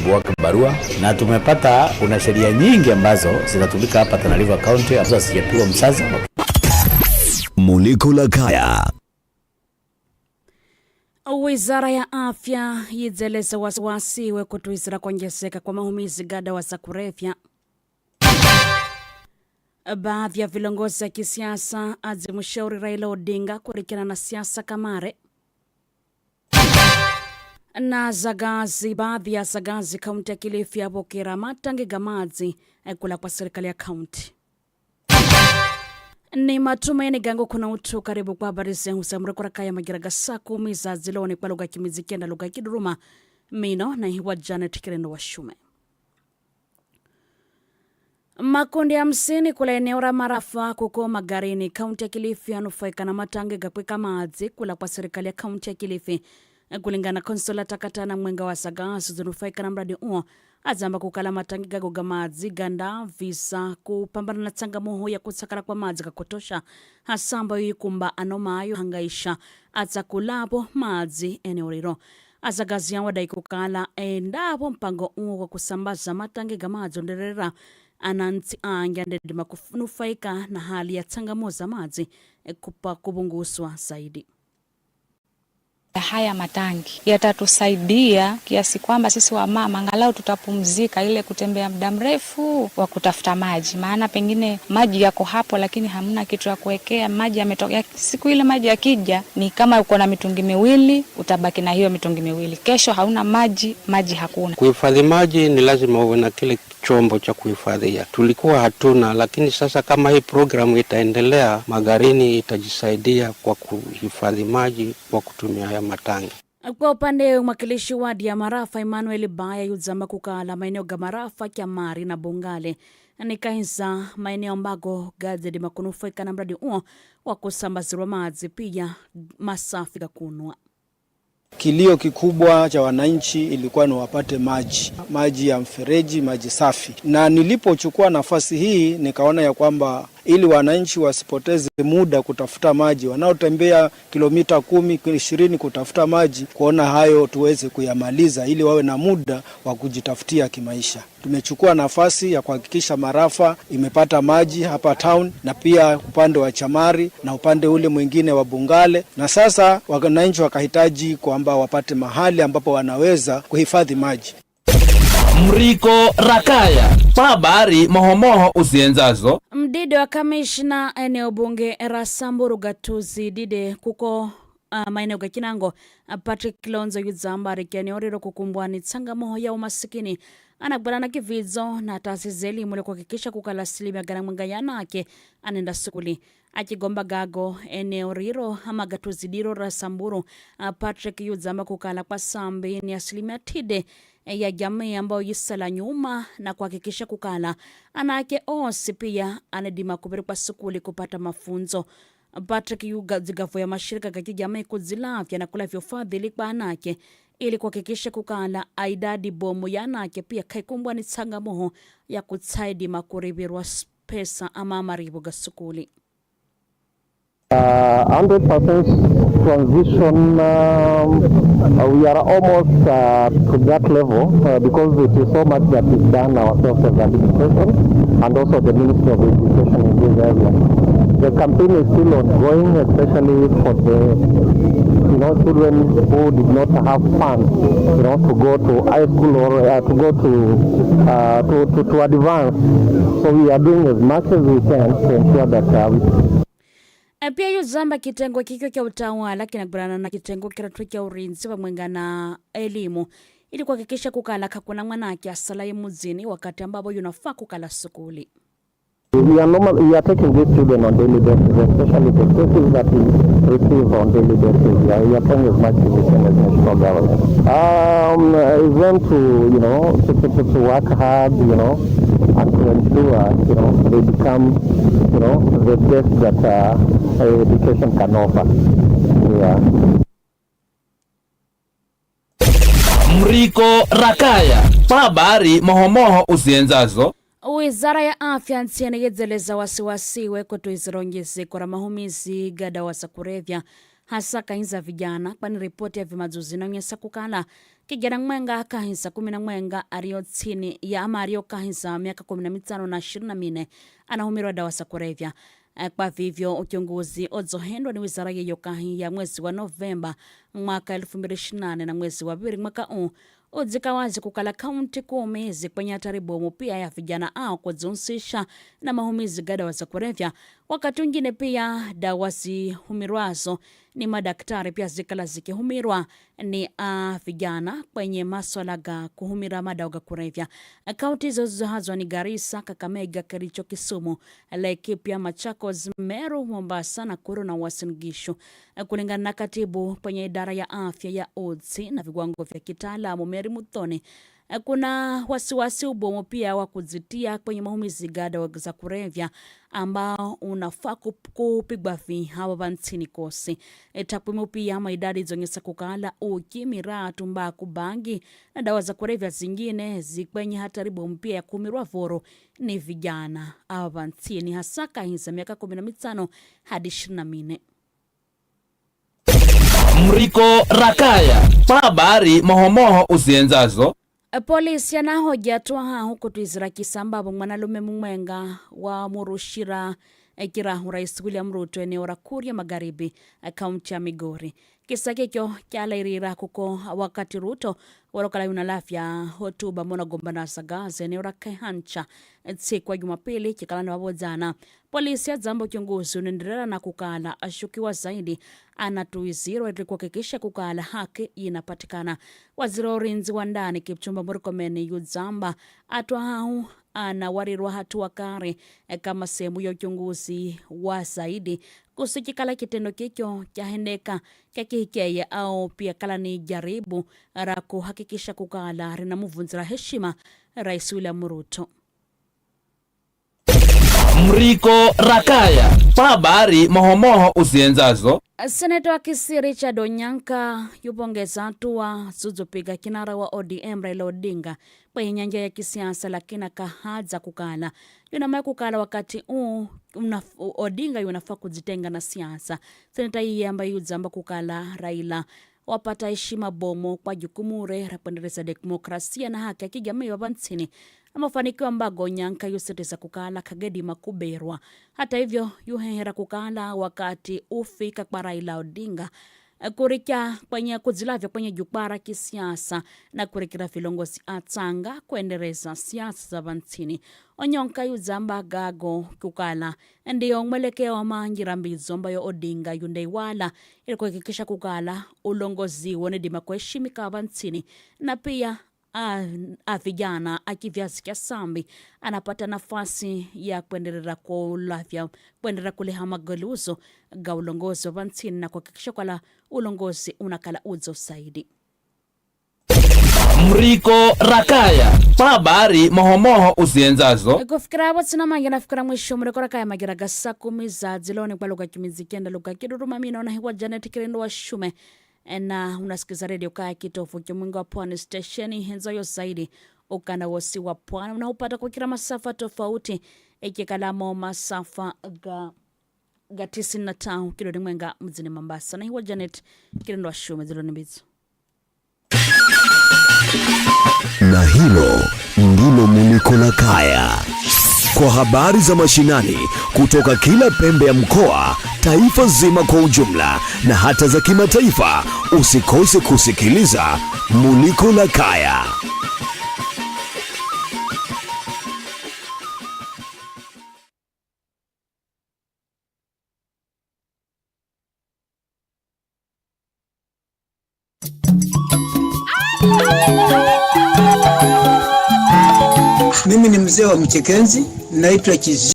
naibu wake Mbarua, na tumepata kuna sheria nyingi ambazo zinatumika hapa Tana River County ambazo hazijapigwa msasa. Muliko la kaya Wizara ya afya yizeleza wasiwasi we kutwizira kuongezeka kwa mahumizi gadawa za kurefya Baadhi ya vilongozi ya kisiasa azimshauri Raila Odinga kurekana na siasa kamare na zagazi baadhi ya zagazi kaunti ya Kilifi yapokera matangi gamadzi eh, kula kwa serikali ya kaunti ni matumaini gango kuna utu karibu kwa habari zenhu zamrekora kaya magiraga saa kumi za ziloni kwa lugha ya na lugha ya kiduruma mino na hiwa Janet kirendo wa shume makundi hamsini kula eneo ra marafa kuko magarini kaunti ya Kilifi anufaika na matangi gakwika maadzi kula kwa serikali ya kaunti ya Kilifi kulingana takata na mwenga wa saga sizonufaika na mradi uo azamba kukala matangi gagoga madzi ganda visa kupambana na tsangamuho ya kutsakala kwa madzi kakotosha hasa ambayo ikumba anomayo hangaisha atsakulapo madzi eneo liro azagaziya wadai kukala endapo mpango uwo kwa kusambaza matangi gamadzoonderera anantsi ange ndedima kunufaika na hali ya tsangamuho za madzi kupa kupunguswa zaidi Haya matangi yatatusaidia kiasi kwamba sisi wamama angalau tutapumzika ile kutembea muda mrefu wa kutafuta maji, maana pengine maji yako hapo, lakini hamna kitu ya kuwekea maji. Yametoka siku ile, maji yakija ni kama uko na mitungi miwili, utabaki na hiyo mitungi miwili, kesho hauna maji, maji hakuna. Kuhifadhi maji ni lazima uwe na kile chombo cha kuhifadhia. Tulikuwa hatuna, lakini sasa kama hii programu itaendelea, Magarini itajisaidia kwa kuhifadhi maji kwa kutumia haya matangi. Kwa upande mwakilishi wa Diamarafa Emmanuel Baya yuzama kukala maeneo ga Marafa, Kyamari na bungale ni kaisa maeneo ambako gazedi makunufaika na mradi huo wa kusambazirwa mazi pia masafi gakunwa Kilio kikubwa cha wananchi ilikuwa ni wapate maji, maji ya mfereji, maji safi. Na nilipochukua nafasi hii nikaona ya kwamba ili wananchi wasipoteze muda kutafuta maji, wanaotembea kilomita kumi ishirini kutafuta maji. Kuona hayo tuweze kuyamaliza ili wawe na muda wa kujitafutia kimaisha. Tumechukua nafasi ya kuhakikisha Marafa imepata maji hapa town na pia upande wa Chamari na upande ule mwingine wa Bungale, na sasa wananchi wakahitaji kwamba wapate mahali ambapo wanaweza kuhifadhi maji. Mriko Rakaya kwa habari mohomoho uzienzazo mdide wa kamishna eneo bunge Rasamburu Gatuzi dide kuko Ah, maeneo gakinango ah, patrick kilonzo yuzamba rikiani oriro kukumbwa ni tsangamoho ya umasikini anagwalana kividzo na taasisi zelimu likuhakikisha kukala asilimia gana mwingayana ake anenda sukuli achigomba gago eneo riro amagatuzidiro ra samburu ah, patrick yuzamba kukala kwa sambi ni asilimia tide eh, ya jamii ambayo yisala nyuma na kuhakikisha kukala anake osi pia anadima kuviri kwa sukuli kupata mafunzo Patrick yugazigavuya mashirika maiko kuzilavya na kulavya ufadhili kwa anake ili kuhakikisha kukala aidadi bomu ya anake pia kaikumbwa ni changamoho ya kutsaidi kurivirwa pesa ama marivu ga sukuli Uh, 100% transition um, uh, we are almost uh, to that level uh, because it is so much that is done ourselves as administration and also the Ministry of Education in this area. The campaign is still ongoing, especially for the you know children who did not have funds, you know, to go to high school or uh, to go to, uh, to, to to advance. So we are doing as much as we can to ensure that uh, we e, pia yo zamba kitengo kikyo kya utawala kinagurana na kitengo kiratu kya urinzi vamwenga na elimu ili kuhakikisha kukala kakuna mwana ake asalaye muzini wakati ambavo yunafaa kukala sukuli We are, normal, we are taking these children on daily basis, especially the cases that we receive on daily basis. We are, we are trying as much as we can as national government. Um, it's them to, you know, to, to, to work hard, you know, and to ensure, you know, they become, you know, the best that uh, education can offer. Yeah. Mriko Rakaya, habari mohomoho usienzazo Wizara ya Afya nchini yaeleza wasiwasi wekutu izironyezi kora mahumizi ga dawa za kurevya hasa kahinza vijana kwani ripoti ya vimadzuzi inonyesa kukala kijana mwenga akahinza kumi na mwenga ariyo tsini ya ama ariyo kahinza miaka kumi na mitano na ishirini na mine anahumirwa dawa za kurevya eh, kwa vivyo uchunguzi odzohendwa ni wizara yeyo kahi ya mwezi wa Novemba mwaka elfu mbili 2028 na mwezi wa pili mwaka huu udzika wazi kukala kaunti kumi kwenye bomu pia ya vijana ao kudzihusisha na mahumizi ga dawa za kurevya wakati wingine pia dawa zihumirwazo ni madaktari pia zikala zikihumirwa ni uh, vijana kwenye maswala ga kuhumira mada kurevya kaunti zozo zizohazwa ni garisa Kakamega, Kericho, Kisumu, Laikipia, machako Meru, Mombasa, Nakuru na Uasin Kulingana na katibu kwenye idara ya afya ya Utsi na viwango vya kitaalamu meri Muthoni, Eh, kuna wasiwasi ubomu pia wa kuzitia kwenye maumizi gada za kurevya ambao unafaa kupigwa vihawa va ntsini kosi. Eh, takwimu pia ama idadi zionyesa kukala uki, miraa, tumbaku, bangi na dawa za kurevya zingine zikwenye hatari bomu pia ya kumirwa voro ni vijana ava va hasa kahi za miaka kumi na mitano hadi ishirini na mine. Mriko Rakaya pa habari mohomoho uzienzazo polisi yanahoja twaha huku twizira kisamba mwanalume mumwenga wa murushira ikirahu Rais William Ruto eneo ra Kuria Magharibi, kaunti ya Migori. Kisa kikyo kyalairira kuko wakati Ruto walokala yuna lafya hotuba munagombana sagazi eneo ra Kehancha tsiku Jumapili kikala na wabodzana polisi adzamba uchunguzi unaendelea na kukala ashukiwa zaidi anatuizirwa ili kuhakikisha kukala haki inapatikana. Waziri wa ulinzi wa ndani Kipchumba Murkomen yudzamba hau anawarirwa hatua kari eh, kama sehemu ya uchunguzi wa zaidi kuhusu chikala kitendo kikyo kyaheneka kyakihikeye au pia kala ni jaribu ra kuhakikisha kukala rina muvunzira heshima Rais William Ruto. Mriko Rakaya kwa habari mohomoho uzienzazo Seneta wa Kisii Richard Onyanka yupongeza hatua zuzupiga kinara wa ODM Raila Odinga kwenye nyanja ya kisiasa, lakini akahadza kukala yunamaya kukala wakati huu Odinga yunafaa kujitenga na siasa. Seneta iye ambaye yuzamba kukala Raila wapata heshima bomo kwa jukumure rapendereza demokrasia na haki ya kijamii hapa na mafanikio ambago nyanka yusitisa kukala kagedi makuberwa hata hivyo yuhehera kukala wakati ufi kwa raila odinga eh, kurikya kwenye kudzilavya kwenye jukwaa kisiasa na kurikira vilongozi atsanga kuendereza siasa za vantsini onyonka yuzamba gago kukala eh, ndiyo mwelekeo wa manjira mbizo ambayo odinga yundeiwala ili kuhakikisha kukala ulongoziwo ni dima kuheshimika vantsini na pia a, a vijana a kiviazi cha anapata nafasi ya kuendelera kulavya kuendelera kuleha magaluzo ga ulongozi wa vantsini na kuhakikisha kwala ulongozi unakala udzo saidi mriko rakaya pabari mohomoho uzienzazo kufikira tsina mangi nafikira mwisho mriko rakaya magira ga sakumi za dziloni kwa luka kimizikenda luka kiduruma mina onahiwa janet kirindo wa shume na unasikiza redio kaya kitofu kimwingi wa pwani stesheni nzoyo zaidi ukanda wosi wa pwani unaopata kwa kila masafa tofauti ikikalamo masafa ga ga 95 kilodi mwenga mzini mambasa na hiwa janet kilendo wa shume ziloni mbizo na hilo ndilo muliko la kaya kwa habari za mashinani kutoka kila pembe ya mkoa taifa zima kwa ujumla na hata za kimataifa. Usikose kusikiliza Muliko la Kaya. Mimi ni mzee wa mchekenzi, naitwa Kizi.